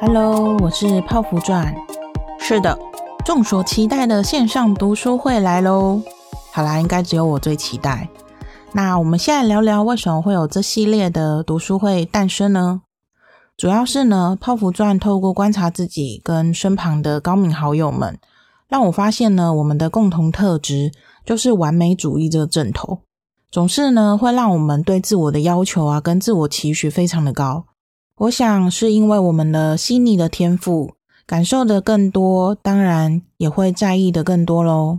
哈嘍，我是泡芙傳。是的，眾所期待的線上讀書會來嘍。好啦，應該只有我最期待。那我們現在聊聊，為什麼會有這系列的讀書會誕生呢？主要是呢，泡芙傳透過觀察自己跟身旁的高敏好友們，讓我發現呢，我們的共同特質就是完美主義這個枕頭，總是呢，會讓我們對自我的要求啊，跟自我期許非常的高。我想是因為我們的細膩的天賦，感受的更多，當然也會在意的更多嘍。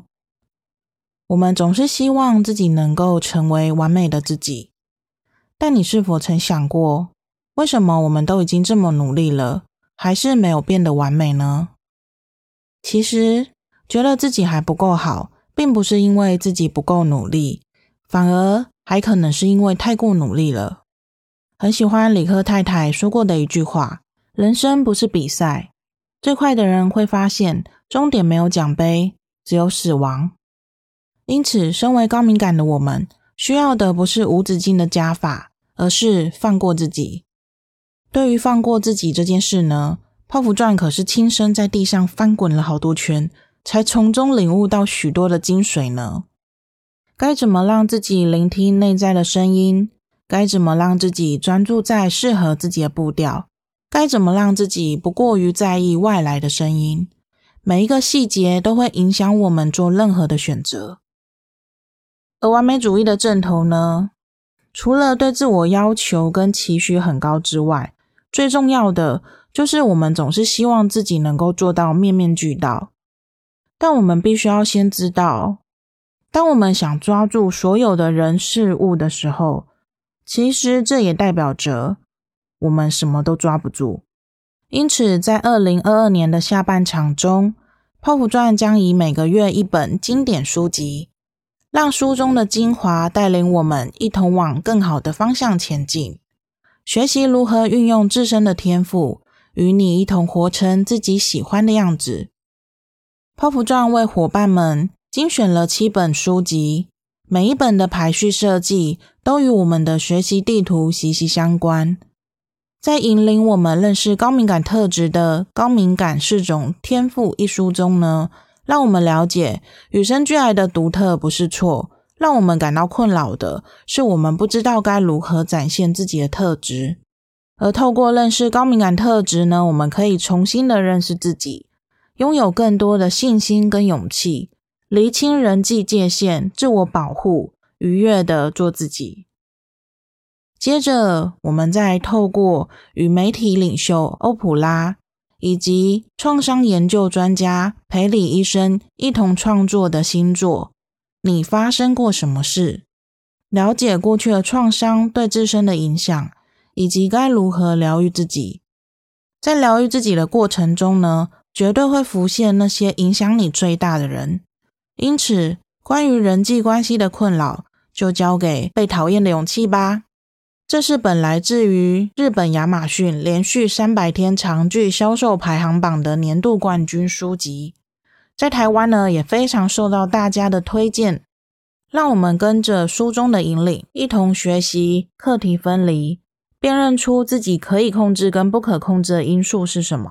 我們總是希望自己能夠成為完美的自己，但你是否曾想過，為什麼我們都已經這麼努力了，還是沒有變得完美呢？其實，覺得自己還不夠好，並不是因為自己不夠努力，反而還可能是因為太過努力了。很喜歡理科太太說過的一句話：“人生不是比賽，最快的人會發現終點沒有獎杯，只有死亡。”因此，身為高敏感的我們，需要的不是無止境的加法，而是放過自己。對於放過自己這件事呢，泡芙傳可是親身在地上翻滾了好多圈，才從中領悟到許多的精髓呢。該怎麼讓自己聆聽內在的聲音？該怎麼讓自己專注在適合自己的步調？該怎麼讓自己不過於在意外來的聲音？每一個細節都會影響我們做任何的選擇。而完美主義的症頭呢？除了對自我要求跟期許很高之外，最重要的就是我們總是希望自己能夠做到面面俱到。但我們必須要先知道，當我們想抓住所有的人事物的時候，其實這也代表着我們什麼都抓不住。因此，在二零二二年的下半場中，泡芙傳將以每個月一本經典書籍，讓書中的精華帶領我們一同往更好的方向前進，學習如何運用自身的天賦，與你一同活成自己喜歡的樣子。泡芙傳為夥伴們精選了七本書籍。每一本的排序設計都與我們的學習地圖息息相關。在引領我們認識高敏感特質的《高敏感是種天賦》一書中呢，讓我們了解與生俱來的獨特不是錯。讓我們感到困擾的是，我們不知道該如何展現自己的特質。而透過認識高敏感特質呢，我們可以重新的認識自己，擁有更多的信心跟勇氣。釐清人際界限，自我保護，愉悅地做自己。接着，我們再透過與媒體領袖歐普拉以及創傷研究專家裴里醫生一同創作的新作《你發生過什麼事》，了解過去的創傷對自身的影響，以及該如何療癒自己。在療癒自己的過程中呢，絕對會浮現那些影響你最大的人。因此，關於人際關係的困擾，就交給被討厭的勇氣吧。這是本來自於日本亞馬遜連續三百天長居銷，銷售排行榜的年度冠軍書籍，在台灣呢也非常受到大家的推薦。讓我們跟着書中的引領，一同學習課題分離，辨認出自己可以控制跟不可控制的因素是什麼。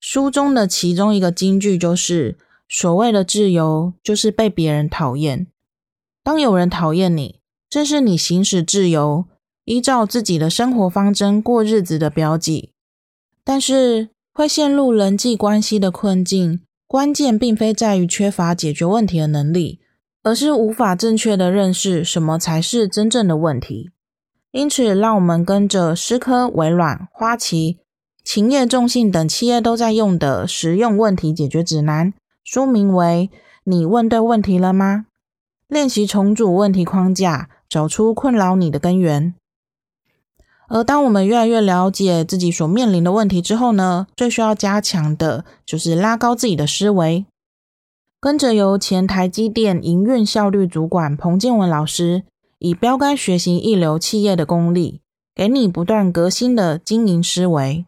書中的其中一個金句就是。所謂的自由，就是被別人討厭。當有人討厭你，正是你行使自由、依照自己的生活方針過日子的標記。但是會陷入人際關係的困境，關鍵並非在於缺乏解決問題的能力，而是無法正確的認識什麼才是真正的問題。因此，讓我們跟着思科、微軟、花旗、勤業眾信等企業都在用的實用問題解決指南。書名為《你問對問題了嗎？練習重組問題框架，找出困擾你的根源》。而當我們越來越了解自己所面臨的問題之後呢，最需要加強的就是拉高自己的思維。跟着由前台積電營運效率主管彭建文老師，以標杆學習一流企業的功力，給你不斷革新的經營思維，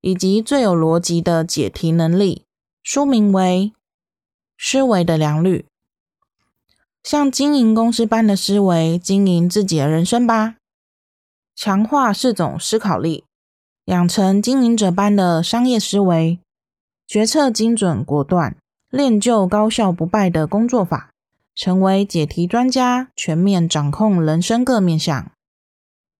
以及最有邏輯的解題能力。書名為。思維的良率，像經營公司般的思維，經營自己的人生吧。強化四種思考力，養成經營者般的商業思維，決策精準果斷，練就高效不敗的工作法，成為解題專家，全面掌控人生各面向。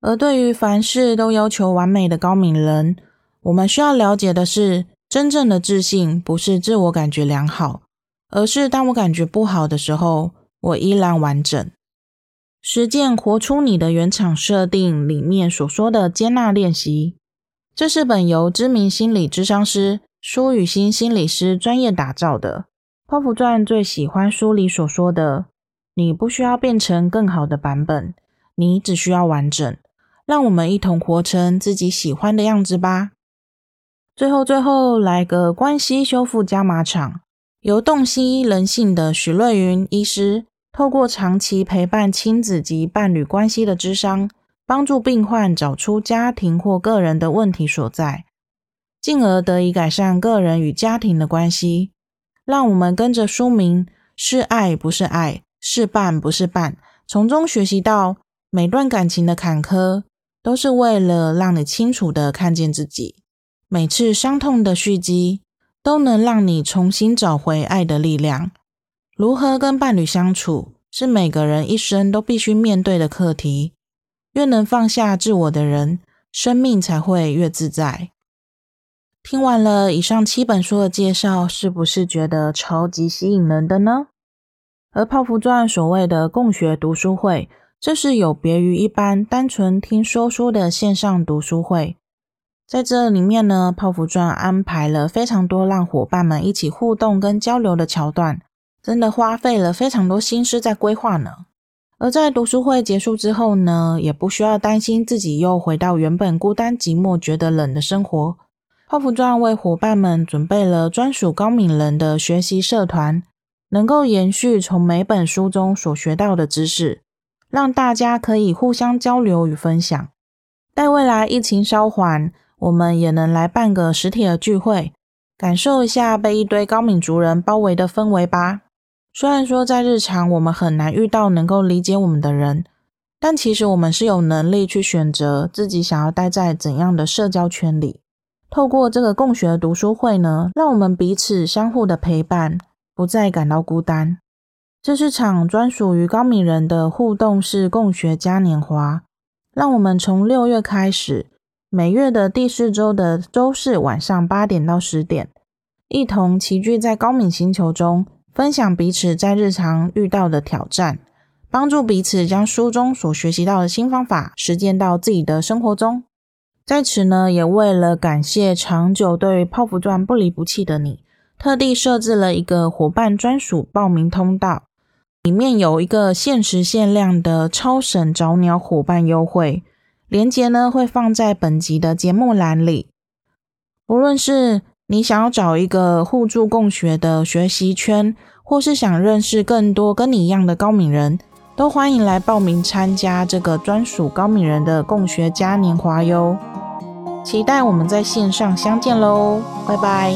而對於凡事都要求完美的高敏人，我們需要了解的是，真正的自信不是自我感覺良好。而是當我感覺不好的時候，我依然完整。實踐活出你的原廠設定裡面所說的接納練習，這是本由知名心理諮商師舒雨欣心理師專業打造的。泡芙傳最喜歡書裡所說的：你不需要變成更好的版本，你只需要完整。讓我們一同活成自己喜歡的樣子吧。最後最後來個關係修復加碼場。由洞悉人性的許瑞雲醫師，透過長期陪伴親子及伴侶關係的諮商，幫助病患找出家庭或個人的問題所在，進而得以改善個人與家庭的關係。讓我們跟着書名“是愛不是礙，是伴不是絆”，從中學習到每段感情的坎坷，都是為了讓你清楚地看見自己，每次傷痛的蓄積都能讓你重新找回愛的力量。如何跟伴侶相處，是每個人一生都必須面對的課題。越能放下自我的人，生命才會越自在。聽完了以上七本書的介紹，是不是覺得超級吸引人的呢？而泡芙傳所謂的共學讀書會，這是有別於一般單純聽說書的線上讀書會。在這裡面呢，泡芙傳安排了非常多讓夥伴們一起互動跟交流的橋段，真的花費了非常多心思在規劃呢。而在讀書會結束之後呢，也不需要擔心自己又回到原本孤單寂寞、覺得冷的生活。泡芙傳為夥伴們準備了專屬高敏人的學習社團，能夠延續從每本書中所學到的知識，讓大家可以互相交流與分享。待未來疫情稍緩，我們也能來辦個實體的聚會，感受一下被一堆高敏族人包圍的氛圍吧。雖然說在日常我們很難遇到能夠理解我們的人，但其實我們是有能力去選擇自己想要待在怎樣的社交圈裡。透過這個共學讀書會呢，讓我們彼此相互的陪伴，不再感到孤單。這是場專屬於高敏人的互動式共學嘉年華，讓我們從六月開始。每月的第四週的週四晚上八點到十點，一同齊聚在高敏星球中，分享彼此在日常遇到的挑戰，幫助彼此將書中所學習到的新方法實踐到自己的生活中。在此呢，也為了感謝長久對《泡芙傳》不離不棄的你，特地設置了一個夥伴專屬報名通道，裡面有一個限時限量的超省早鳥夥伴優惠。連結呢，會放在本集的節目欄裡。無論是你想要找一個互助共學的學習圈，或是想認識更多跟你一樣的高敏人，都歡迎來報名參加這個專屬高敏人的共學嘉年華喲！期待我們在線上相見嘍，拜拜。